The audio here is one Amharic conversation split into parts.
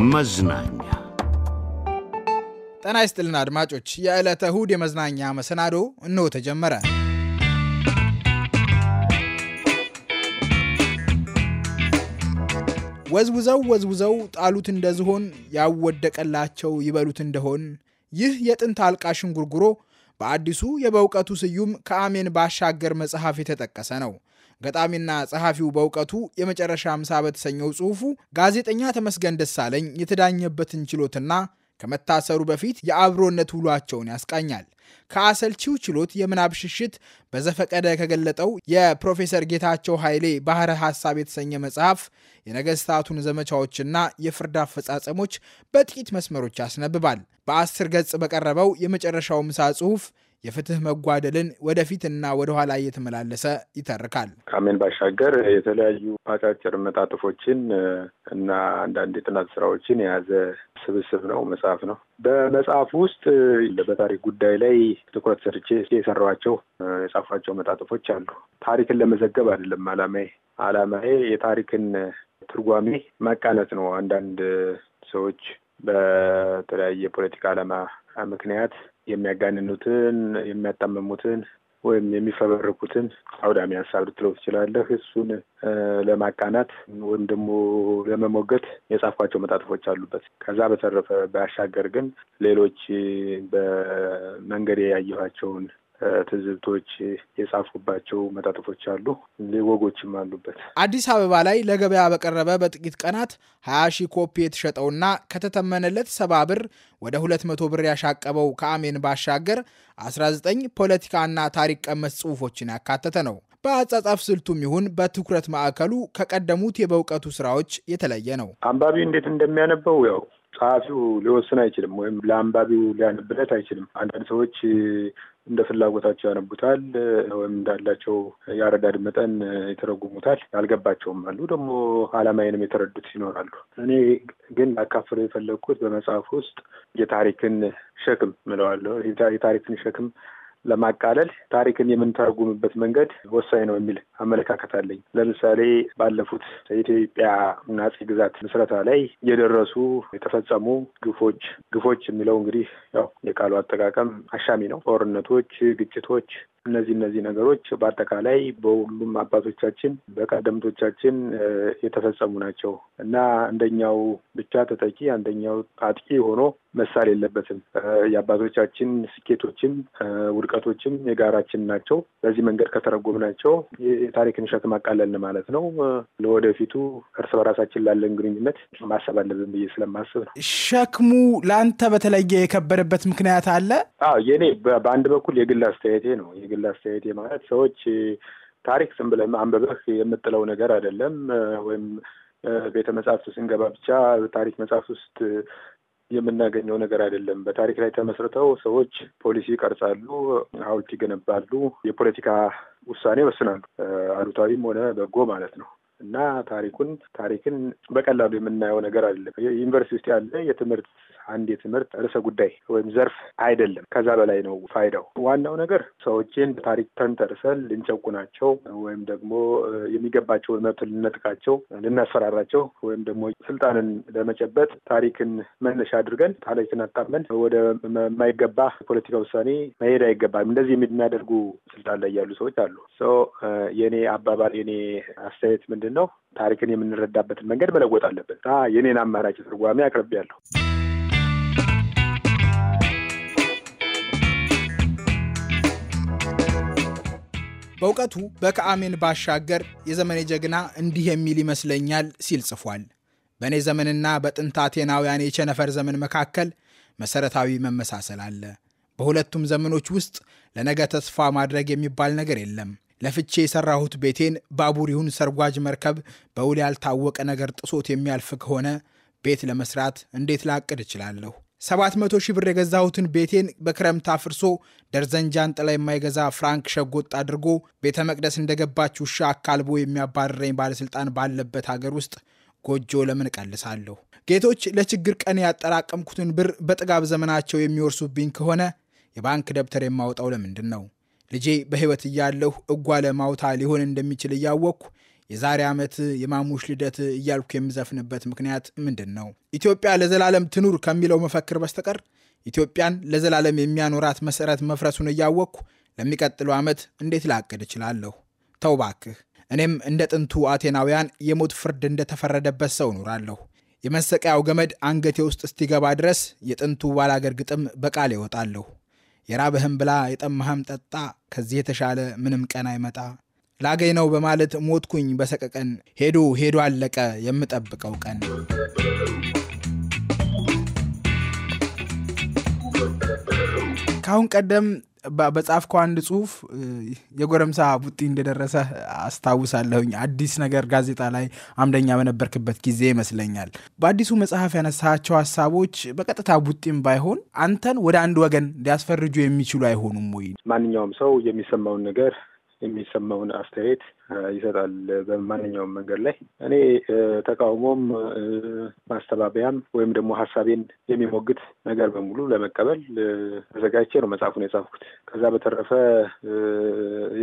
መዝናኛ ጤና ይስጥልና አድማጮች፣ የዕለተ እሁድ የመዝናኛ መሰናዶ እነሆ ተጀመረ። ወዝውዘው ወዝውዘው ጣሉት እንደዝሆን ያወደቀላቸው ይበሉት እንደሆን ይህ የጥንት አልቃሽን ጉርጉሮ በአዲሱ የበእውቀቱ ስዩም ከአሜን ባሻገር መጽሐፍ የተጠቀሰ ነው። ገጣሚና ጸሐፊው በእውቀቱ የመጨረሻ ምሳ በተሰኘው ጽሑፉ ጋዜጠኛ ተመስገን ደሳለኝ የተዳኘበትን ችሎትና ከመታሰሩ በፊት የአብሮነት ውሏቸውን ያስቃኛል። ከአሰልቺው ችሎት የምናብ ሽሽት በዘፈቀደ ከገለጠው የፕሮፌሰር ጌታቸው ኃይሌ ባህረ ሐሳብ የተሰኘ መጽሐፍ የነገሥታቱን ዘመቻዎችና የፍርድ አፈጻጸሞች በጥቂት መስመሮች ያስነብባል። በአስር ገጽ በቀረበው የመጨረሻው ምሳ ጽሑፍ የፍትህ መጓደልን ወደፊትና ወደኋላ እየተመላለሰ ይተርካል። ካሜን ባሻገር የተለያዩ አጫጭር መጣጥፎችን እና አንዳንድ የጥናት ስራዎችን የያዘ ስብስብ ነው መጽሐፍ ነው። በመጽሐፍ ውስጥ በታሪክ ጉዳይ ላይ ትኩረት ሰርቼ የሰራቸው የጻፏቸው መጣጥፎች አሉ። ታሪክን ለመዘገብ አይደለም አላማዬ። አላማዬ የታሪክን ትርጓሜ መቃነት ነው። አንዳንድ ሰዎች በተለያየ የፖለቲካ ዓላማ ምክንያት የሚያጋንኑትን፣ የሚያጣመሙትን ወይም የሚፈበርኩትን አውዳሚ ሀሳብ ልትለው ትችላለህ። እሱን ለማቃናት ወይም ደግሞ ለመሞገት የጻፍኳቸው መጣጥፎች አሉበት። ከዛ በተረፈ ባሻገር ግን ሌሎች በመንገድ ያየኋቸውን ትዝብቶች የጻፉባቸው መጣጥፎች አሉ፣ ወጎችም አሉበት። አዲስ አበባ ላይ ለገበያ በቀረበ በጥቂት ቀናት ሀያ ሺህ ኮፒ የተሸጠውና ከተተመነለት ሰባ ብር ወደ ሁለት መቶ ብር ያሻቀበው ከአሜን ባሻገር 19 ፖለቲካና ታሪክ ቀመስ ጽሑፎችን ያካተተ ነው። በአጻጻፍ ስልቱም ይሁን በትኩረት ማዕከሉ ከቀደሙት የበውቀቱ ስራዎች የተለየ ነው። አንባቢው እንዴት እንደሚያነበው ያው ጸሐፊው ሊወስን አይችልም፣ ወይም ለአንባቢው ሊያነብለት አይችልም። አንዳንድ ሰዎች እንደ ፍላጎታቸው ያነቡታል ወይም እንዳላቸው የአረዳድ መጠን የተረጉሙታል ያልገባቸውም አሉ፣ ደግሞ አላማዬንም የተረዱት ይኖራሉ። እኔ ግን ላካፍለው የፈለግኩት በመጽሐፍ ውስጥ የታሪክን ሸክም ምለዋለሁ የታሪክን ሸክም ለማቃለል ታሪክን የምንተረጉምበት መንገድ ወሳኝ ነው የሚል አመለካከት አለኝ። ለምሳሌ ባለፉት የኢትዮጵያ ናጽ ግዛት ምስረታ ላይ የደረሱ የተፈጸሙ ግፎች ግፎች የሚለው እንግዲህ ያው የቃሉ አጠቃቀም አሻሚ ነው። ጦርነቶች፣ ግጭቶች እነዚህ እነዚህ ነገሮች በአጠቃላይ በሁሉም አባቶቻችን በቀደምቶቻችን የተፈጸሙ ናቸው እና አንደኛው ብቻ ተጠቂ አንደኛው አጥቂ ሆኖ መሳል የለበትም። የአባቶቻችን ስኬቶችም ውድቀቶችም የጋራችን ናቸው። በዚህ መንገድ ከተረጎምናቸው የታሪክን ሸክም አቃለልን ማለት ነው። ለወደፊቱ እርስ በራሳችን ላለን ግንኙነት ማሰብ አለብን ብዬ ስለማስብ ነው። ሸክሙ ለአንተ በተለየ የከበደበት ምክንያት አለ? የእኔ በአንድ በኩል የግል አስተያየቴ ነው። የግል አስተያየቴ ማለት ሰዎች ታሪክ ዝም ብለህ አንብበህ የምጥለው ነገር አይደለም። ወይም ቤተ መጽሐፍት ስንገባ ብቻ ታሪክ መጽሐፍ ውስጥ የምናገኘው ነገር አይደለም። በታሪክ ላይ ተመስርተው ሰዎች ፖሊሲ ይቀርጻሉ፣ ሐውልት ይገነባሉ፣ የፖለቲካ ውሳኔ ይወስናሉ፣ አሉታዊም ሆነ በጎ ማለት ነው። እና ታሪኩን ታሪክን በቀላሉ የምናየው ነገር አይደለም። ዩኒቨርሲቲ ውስጥ ያለ የትምህርት አንድ የትምህርት ርዕሰ ጉዳይ ወይም ዘርፍ አይደለም። ከዛ በላይ ነው ፋይዳው። ዋናው ነገር ሰዎችን በታሪክ ተንተርሰን ልንጨቁናቸው ወይም ደግሞ የሚገባቸውን መብት ልንነጥቃቸው፣ ልናስፈራራቸው ወይም ደግሞ ስልጣንን ለመጨበጥ ታሪክን መነሻ አድርገን ታሪክን አጣመን ወደ የማይገባ ፖለቲካ ውሳኔ መሄድ አይገባም። እንደዚህ የሚያደርጉ ስልጣን ላይ ያሉ ሰዎች አሉ። የኔ አባባል የኔ አስተያየት ምንድን ምንድን ነው ታሪክን የምንረዳበትን መንገድ መለወጥ አለበት። የኔን አማራጭ ትርጓሜ አቅርቤያለሁ። በእውቀቱ በከአሜን ባሻገር የዘመኔ ጀግና እንዲህ የሚል ይመስለኛል ሲል ጽፏል። በእኔ ዘመንና በጥንት አቴናውያን የቸነፈር ዘመን መካከል መሰረታዊ መመሳሰል አለ። በሁለቱም ዘመኖች ውስጥ ለነገ ተስፋ ማድረግ የሚባል ነገር የለም። ለፍቼ የሰራሁት ቤቴን ባቡር ይሁን ሰርጓጅ መርከብ በውል ያልታወቀ ነገር ጥሶት የሚያልፍ ከሆነ ቤት ለመስራት እንዴት ላቅድ እችላለሁ? 700 ሺህ ብር የገዛሁትን ቤቴን በክረምት አፍርሶ ደርዘን ጃንጥላ የማይገዛ ፍራንክ ሸጎጥ አድርጎ ቤተ መቅደስ እንደገባች ውሻ አካልቦ የሚያባረረኝ ባለሥልጣን ባለበት አገር ውስጥ ጎጆ ለምን ቀልሳለሁ? ጌቶች ለችግር ቀን ያጠራቀምኩትን ብር በጥጋብ ዘመናቸው የሚወርሱብኝ ከሆነ የባንክ ደብተር የማወጣው ለምንድን ነው? ልጄ በሕይወት እያለሁ እጓለ ማውታ ሊሆን እንደሚችል እያወቅኩ የዛሬ ዓመት የማሙሽ ልደት እያልኩ የምዘፍንበት ምክንያት ምንድን ነው? ኢትዮጵያ ለዘላለም ትኑር ከሚለው መፈክር በስተቀር ኢትዮጵያን ለዘላለም የሚያኖራት መሰረት መፍረሱን እያወቅኩ ለሚቀጥለው ዓመት እንዴት ላቅድ እችላለሁ? ተው እኔም እንደ ጥንቱ አቴናውያን የሞት ፍርድ እንደተፈረደበት ሰው እኖራለሁ። የመሰቀያው ገመድ አንገቴ ውስጥ እስቲገባ ድረስ የጥንቱ ባላገር ግጥም በቃል ይወጣለሁ። የራብህም ብላ የጠማህም ጠጣ፣ ከዚህ የተሻለ ምንም ቀን አይመጣ። ላገኝ ነው በማለት ሞትኩኝ በሰቀቀን፣ ሄዶ ሄዶ አለቀ የምጠብቀው ቀን። ከአሁን ቀደም በጻፍከው አንድ ጽሁፍ የጎረምሳ ቡጢ እንደደረሰ አስታውሳለሁኝ። አዲስ ነገር ጋዜጣ ላይ አምደኛ በነበርክበት ጊዜ ይመስለኛል። በአዲሱ መጽሐፍ ያነሳቸው ሀሳቦች በቀጥታ ቡጢም ባይሆን አንተን ወደ አንድ ወገን ሊያስፈርጁ የሚችሉ አይሆኑም ወይ? ማንኛውም ሰው የሚሰማውን ነገር የሚሰማውን አስተያየት ይሰጣል በማንኛውም መንገድ ላይ እኔ ተቃውሞም ማስተባበያም ወይም ደግሞ ሀሳቤን የሚሞግት ነገር በሙሉ ለመቀበል ተዘጋጅቼ ነው መጽሐፉን የጻፍኩት። ከዛ በተረፈ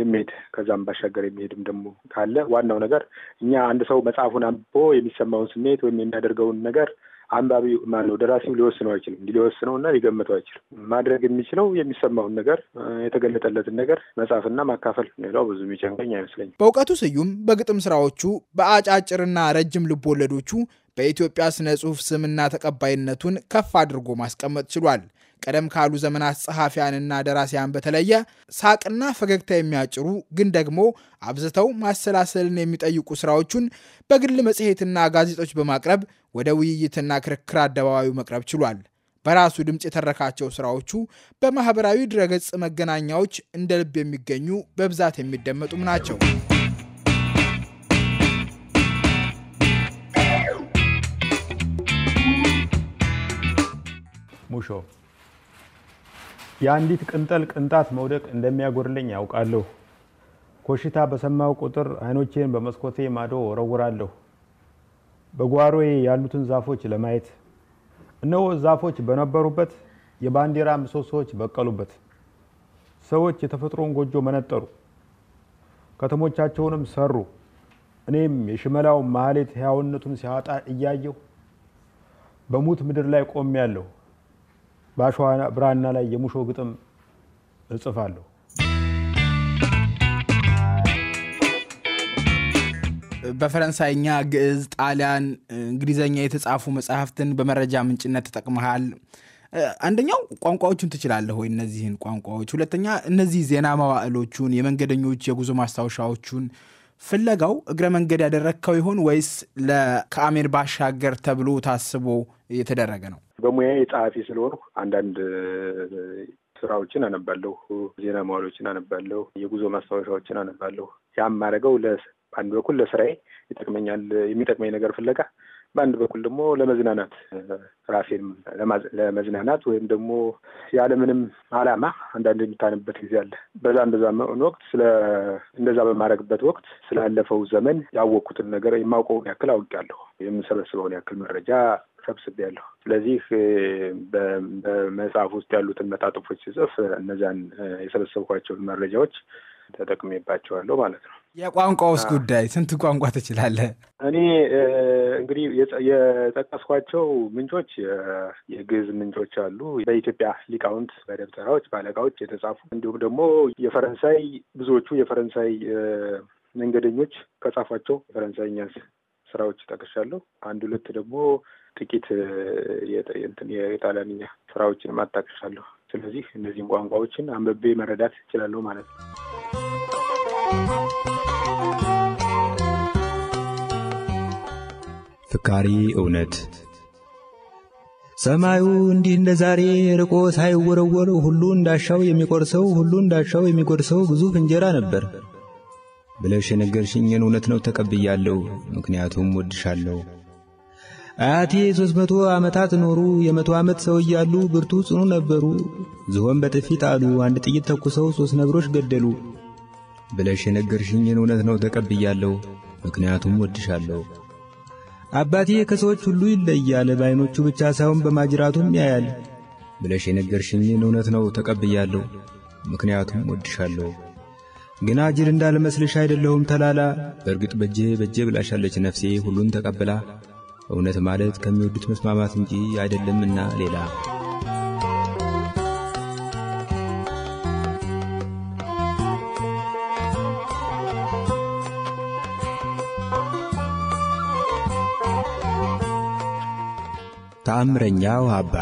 የሚሄድ ከዛም ባሻገር የሚሄድም ደግሞ ካለ ዋናው ነገር እኛ አንድ ሰው መጽሐፉን አንብቦ የሚሰማውን ስሜት ወይም የሚያደርገውን ነገር አንባቢው ማነው ደራሲም ሊወስነው አይችልም። ሊወስነው እና ሊገምተው አይችልም። ማድረግ የሚችለው የሚሰማውን ነገር የተገለጠለትን ነገር መጻፍና ማካፈል። ሌላው ብዙ የሚጨንቀኝ አይመስለኝም። በእውቀቱ ስዩም በግጥም ስራዎቹ በአጫጭርና ረጅም ልብ ወለዶቹ በኢትዮጵያ ስነ ጽሑፍ ስምና ተቀባይነቱን ከፍ አድርጎ ማስቀመጥ ችሏል። ቀደም ካሉ ዘመናት ጸሐፊያንና ደራሲያን በተለየ ሳቅና ፈገግታ የሚያጭሩ ግን ደግሞ አብዝተው ማሰላሰልን የሚጠይቁ ስራዎቹን በግል መጽሔትና ጋዜጦች በማቅረብ ወደ ውይይትና ክርክር አደባባዩ መቅረብ ችሏል። በራሱ ድምፅ የተረካቸው ስራዎቹ በማኅበራዊ ድረገጽ መገናኛዎች እንደ ልብ የሚገኙ በብዛት የሚደመጡም ናቸው። ሙሾ የአንዲት ቅንጠል ቅንጣት መውደቅ እንደሚያጎርልኝ ያውቃለሁ። ኮሽታ በሰማው ቁጥር አይኖቼን በመስኮቴ ማዶ ወረውራለሁ፣ በጓሮዬ ያሉትን ዛፎች ለማየት። እነሆ ዛፎች በነበሩበት የባንዲራ ምሰሶዎች በቀሉበት። ሰዎች የተፈጥሮን ጎጆ መነጠሩ፣ ከተሞቻቸውንም ሰሩ። እኔም የሽመላው ማህሌት ሕያውነቱን ሲያወጣ እያየሁ በሙት ምድር ላይ ቆሜያለሁ። በአሸዋ ብራና ላይ የሙሾ ግጥም እጽፋለሁ። በፈረንሳይኛ፣ ግዕዝ፣ ጣሊያን፣ እንግሊዘኛ የተጻፉ መጽሐፍትን በመረጃ ምንጭነት ተጠቅመሃል። አንደኛው ቋንቋዎቹን ትችላለህ ወይ? እነዚህን ቋንቋዎች። ሁለተኛ እነዚህ ዜና መዋዕሎቹን፣ የመንገደኞች የጉዞ ማስታወሻዎቹን ፍለጋው እግረ መንገድ ያደረግከው ይሆን ወይስ ከአሜር ባሻገር ተብሎ ታስቦ የተደረገ ነው? በሙያ የጸሐፊ ስለሆንኩ አንዳንድ ስራዎችን አነባለሁ፣ ዜና መዋሎችን አነባለሁ፣ የጉዞ ማስታወሻዎችን አነባለሁ። ያም ማድረገው አንድ በኩል ለስራዬ ይጠቅመኛል የሚጠቅመኝ ነገር ፍለጋ በአንድ በኩል ደግሞ ለመዝናናት ራሴን ለመዝናናት ወይም ደግሞ ያለምንም አላማ አንዳንድ የምታንበት ጊዜ አለ። በዛ በዛም ወቅት ስለ እንደዛ በማድረግበት ወቅት ስላለፈው ዘመን ያወቅኩትን ነገር የማውቀውን ያክል አውቄያለሁ። የምሰበስበውን ያክል መረጃ ሰብስቤያለሁ። ስለዚህ በመጽሐፍ ውስጥ ያሉትን መጣጥፎች ሲጽፍ እነዚያን የሰበሰብኳቸውን መረጃዎች ተጠቅሜባቸዋለሁ ማለት ነው። የቋንቋ ውስጥ ጉዳይ ስንት ቋንቋ ትችላለህ? እኔ እንግዲህ የጠቀስኳቸው ምንጮች የግዕዝ ምንጮች አሉ። በኢትዮጵያ ሊቃውንት በደብተራዎች በአለቃዎች የተጻፉ እንዲሁም ደግሞ የፈረንሳይ ብዙዎቹ የፈረንሳይ መንገደኞች ከጻፏቸው የፈረንሳይኛ ስራዎች ጠቅሻለሁ። አንድ ሁለት ደግሞ ጥቂት የጣሊያንኛ ስራዎችን አጣቅሻለሁ። ስለዚህ እነዚህም ቋንቋዎችን አንበቤ መረዳት እችላለሁ ማለት ነው። ፍካሪ እውነት ሰማዩ እንዲህ እንደ ዛሬ ርቆ ሳይወረወር ሁሉ እንዳሻው የሚቆርሰው ሁሉ እንዳሻው የሚጎርሰው ግዙፍ እንጀራ ነበር ብለሽ የነገርሽኝን እውነት ነው ተቀብያለሁ። ምክንያቱም ወድሻለሁ። አያቴ ሦስት መቶ ዓመታት ኖሩ። የመቶ ዓመት ሰው እያሉ ብርቱ ጽኑ ነበሩ። ዝሆን በጥፊ ጣሉ። አንድ ጥይት ተኩሰው ሦስት ነብሮች ገደሉ። ብለሽ የነገርሽኝን እውነት ነው ተቀብያለሁ፣ ምክንያቱም ወድሻለሁ። አባቴ ከሰዎች ሁሉ ይለያል፣ በዐይኖቹ ብቻ ሳይሆን በማጅራቱም ያያል። ብለሽ የነገርሽኝን እውነት ነው ተቀብያለሁ፣ ምክንያቱም ወድሻለሁ። ግና ጅል እንዳልመስልሽ አይደለሁም ተላላ። በእርግጥ በጄ በጄ ብላሻለች ነፍሴ ሁሉን ተቀብላ እውነት ማለት ከሚወዱት መስማማት እንጂ አይደለምና ሌላ። ተአምረኛው አባ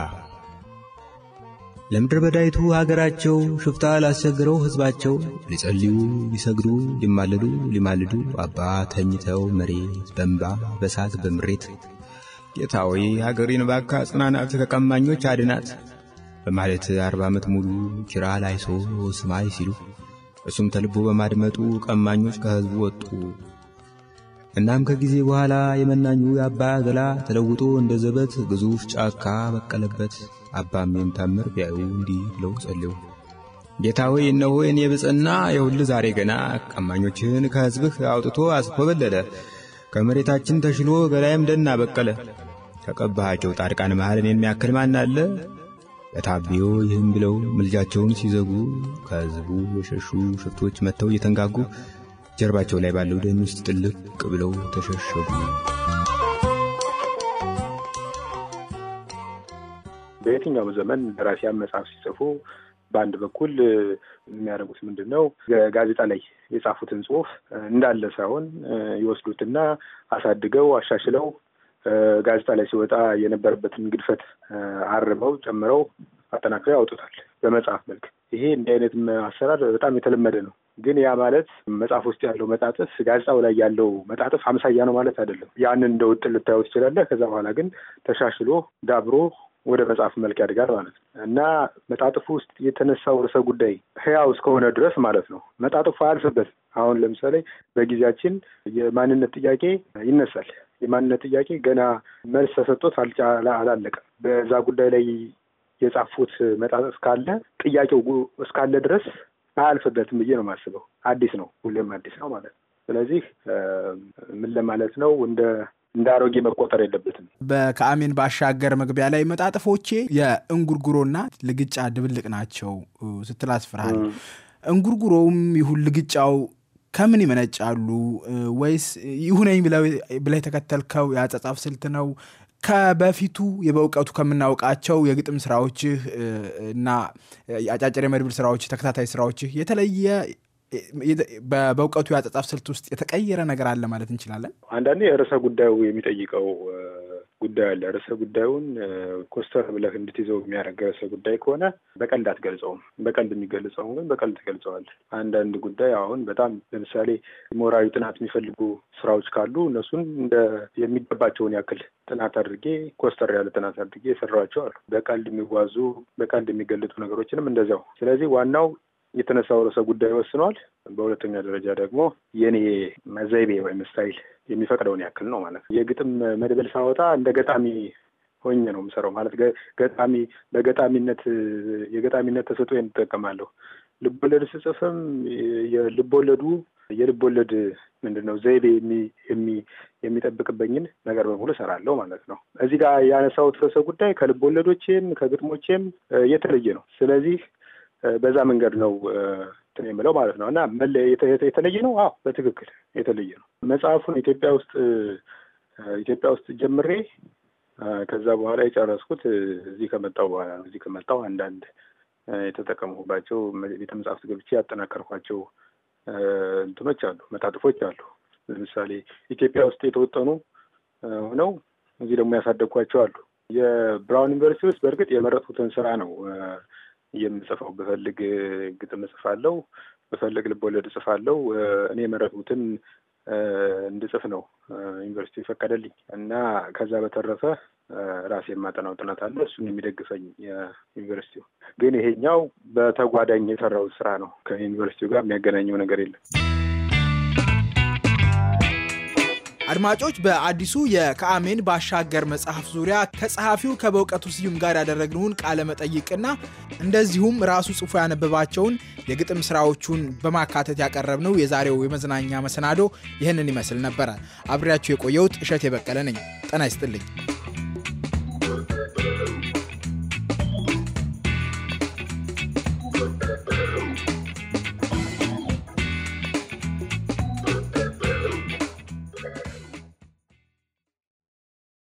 ለምድር በዳይቱ ሀገራቸው ሽፍታ ላስቸግረው ሕዝባቸው ሊጸልዩ ሊሰግዱ ሊማለዱ ሊማልዱ አባ ተኝተው መሬት በንባ በሳት በምሬት ጌታዊ ሀገሬን ባካ ጽናናት ከቀማኞች አድናት በማለት አርባ ዓመት ሙሉ ኪራ ላይሶ ስማይ ሲሉ እሱም ተልቦ በማድመጡ ቀማኞች ከሕዝቡ ወጡ። እናም ከጊዜ በኋላ የመናኙ የአባ ገላ ተለውጦ እንደ ዘበት ግዙፍ ጫካ በቀለበት። አባም ይህን ታምር ቢያዩ እንዲህ ብለው ጸልዩ። ጌታ ሆይ እነሆን የብፅና የሁል ዛሬ ገና ቀማኞችህን ከሕዝብህ አውጥቶ አስኮበለለ፣ ከመሬታችን ተሽሎ ገላይም ደና በቀለ። ከቀባሃቸው ጻድቃን መሃል እኔን የሚያክል ማን አለ? በታቢዮ ይህም ብለው ምልጃቸውን ሲዘጉ ከሕዝቡ የሸሹ ሽፍቶች መጥተው እየተንጋጉ ጀርባቸው ላይ ባለው ደን ውስጥ ጥልቅ ብለው ተሸሸጉ። በየትኛውም ዘመን ደራሲያን መጽሐፍ ሲጽፉ በአንድ በኩል የሚያደርጉት ምንድን ነው? ጋዜጣ ላይ የጻፉትን ጽሁፍ እንዳለ ሳይሆን ይወስዱትና አሳድገው አሻሽለው ጋዜጣ ላይ ሲወጣ የነበረበትን ግድፈት አርመው ጨምረው አጠናክረው ያወጡታል በመጽሐፍ መልክ። ይሄ እንዲህ አይነት አሰራር በጣም የተለመደ ነው። ግን ያ ማለት መጽሐፍ ውስጥ ያለው መጣጥፍ ጋዜጣው ላይ ያለው መጣጥፍ አምሳያ ነው ማለት አይደለም። ያንን እንደ ውጥ ልታየው ትችላለህ። ከዛ በኋላ ግን ተሻሽሎ ዳብሮ ወደ መጽሐፍ መልክ ያድጋል ማለት ነው እና መጣጥፉ ውስጥ የተነሳው ርዕሰ ጉዳይ ህያው እስከሆነ ድረስ ማለት ነው መጣጥፉ አያልፍበትም። አሁን ለምሳሌ በጊዜያችን የማንነት ጥያቄ ይነሳል። የማንነት ጥያቄ ገና መልስ ተሰጥቶት አላለቀም። በዛ ጉዳይ ላይ የጻፉት መጣጥፍ ካለ ጥያቄው እስካለ ድረስ አያልፍበትም ብዬ ነው የማስበው። አዲስ ነው፣ ሁሌም አዲስ ነው ማለት ነው። ስለዚህ ምን ለማለት ነው እንደ እንደ አሮጌ መቆጠር የለበትም። በከአሜን ባሻገር መግቢያ ላይ መጣጥፎቼ የእንጉርጉሮና ልግጫ ድብልቅ ናቸው ስትል አስፍርሃል። እንጉርጉሮውም ይሁን ልግጫው ከምን ይመነጫሉ? ወይስ ይሁነኝ ብለህ የተከተልከው የአጸጻፍ ስልት ነው? ከበፊቱ በእውቀቱ ከምናውቃቸው የግጥም ስራዎችህ እና አጫጭር የመድብል ስራዎች ተከታታይ ስራዎችህ የተለየ በእውቀቱ የአጻጻፍ ስልት ውስጥ የተቀየረ ነገር አለ ማለት እንችላለን። አንዳንዴ የርዕሰ ጉዳዩ የሚጠይቀው ጉዳይ አለ። ርዕሰ ጉዳዩን ኮስተር ብለህ እንድትይዘው የሚያደርግ ርዕሰ ጉዳይ ከሆነ በቀልድ አትገልጸውም። በቀልድ የሚገልጸው ግን በቀልድ ትገልጸዋል። አንዳንድ ጉዳይ አሁን በጣም ለምሳሌ ሞራዊ ጥናት የሚፈልጉ ስራዎች ካሉ እነሱን እንደ የሚገባቸውን ያክል ጥናት አድርጌ ኮስተር ያለ ጥናት አድርጌ የሰራቸው አሉ። በቀልድ የሚጓዙ በቀልድ የሚገልጡ ነገሮችንም እንደዚያው። ስለዚህ ዋናው የተነሳው ርዕሰ ጉዳይ ወስኗል። በሁለተኛ ደረጃ ደግሞ የኔ ዘይቤ ወይም ስታይል የሚፈቅደውን ያክል ነው ማለት ነው። የግጥም መድበል ሳወጣ እንደ ገጣሚ ሆኜ ነው የምሰራው ማለት ገጣሚ በገጣሚነት የገጣሚነት ተሰጥኦ እንጠቀማለሁ። ልቦለድ ስጽፍም የልቦለዱ የልቦለድ ምንድን ነው ዘይቤ የሚጠብቅበኝን ነገር በሙሉ እሰራለሁ ማለት ነው። እዚህ ጋር ያነሳሁት ርዕሰ ጉዳይ ከልቦለዶቼም ከግጥሞቼም የተለየ ነው። ስለዚህ በዛ መንገድ ነው እንትን የምለው ማለት ነው እና የተለየ ነው። አዎ በትክክል የተለየ ነው። መጽሐፉን ኢትዮጵያ ውስጥ ኢትዮጵያ ውስጥ ጀምሬ ከዛ በኋላ የጨረስኩት እዚህ ከመጣው በኋላ ነው። እዚህ ከመጣው አንዳንድ የተጠቀምኩባቸው ቤተ መጽሐፍት ገብቼ እንትኖች አሉ፣ መጣጥፎች አሉ። ለምሳሌ ኢትዮጵያ ውስጥ የተወጠኑ ሆነው እዚህ ደግሞ ያሳደግኳቸው አሉ። የብራውን ዩኒቨርሲቲ ውስጥ በእርግጥ የመረጥኩትን ስራ ነው የምጽፈው ብፈልግ ግጥም እጽፋለሁ፣ ብፈልግ ልቦለድ እጽፋለሁ። እኔ የመረጥኩትን እንድጽፍ ነው ዩኒቨርሲቲ ይፈቀደልኝ እና ከዛ በተረፈ ራሴ የማጠናው ጥናት አለ። እሱን የሚደግፈኝ ዩኒቨርሲቲው። ግን ይሄኛው በተጓዳኝ የሰራው ስራ ነው። ከዩኒቨርሲቲው ጋር የሚያገናኘው ነገር የለም። አድማጮች በአዲሱ የከአሜን ባሻገር መጽሐፍ ዙሪያ ከጸሐፊው ከበውቀቱ ስዩም ጋር ያደረግነውን ቃለ መጠይቅና እንደዚሁም ራሱ ጽፎ ያነበባቸውን የግጥም ስራዎቹን በማካተት ያቀረብነው የዛሬው የመዝናኛ መሰናዶ ይህንን ይመስል ነበረ። አብሬያችሁ የቆየውት እሸት የበቀለ ነኝ። ጠና ይስጥልኝ።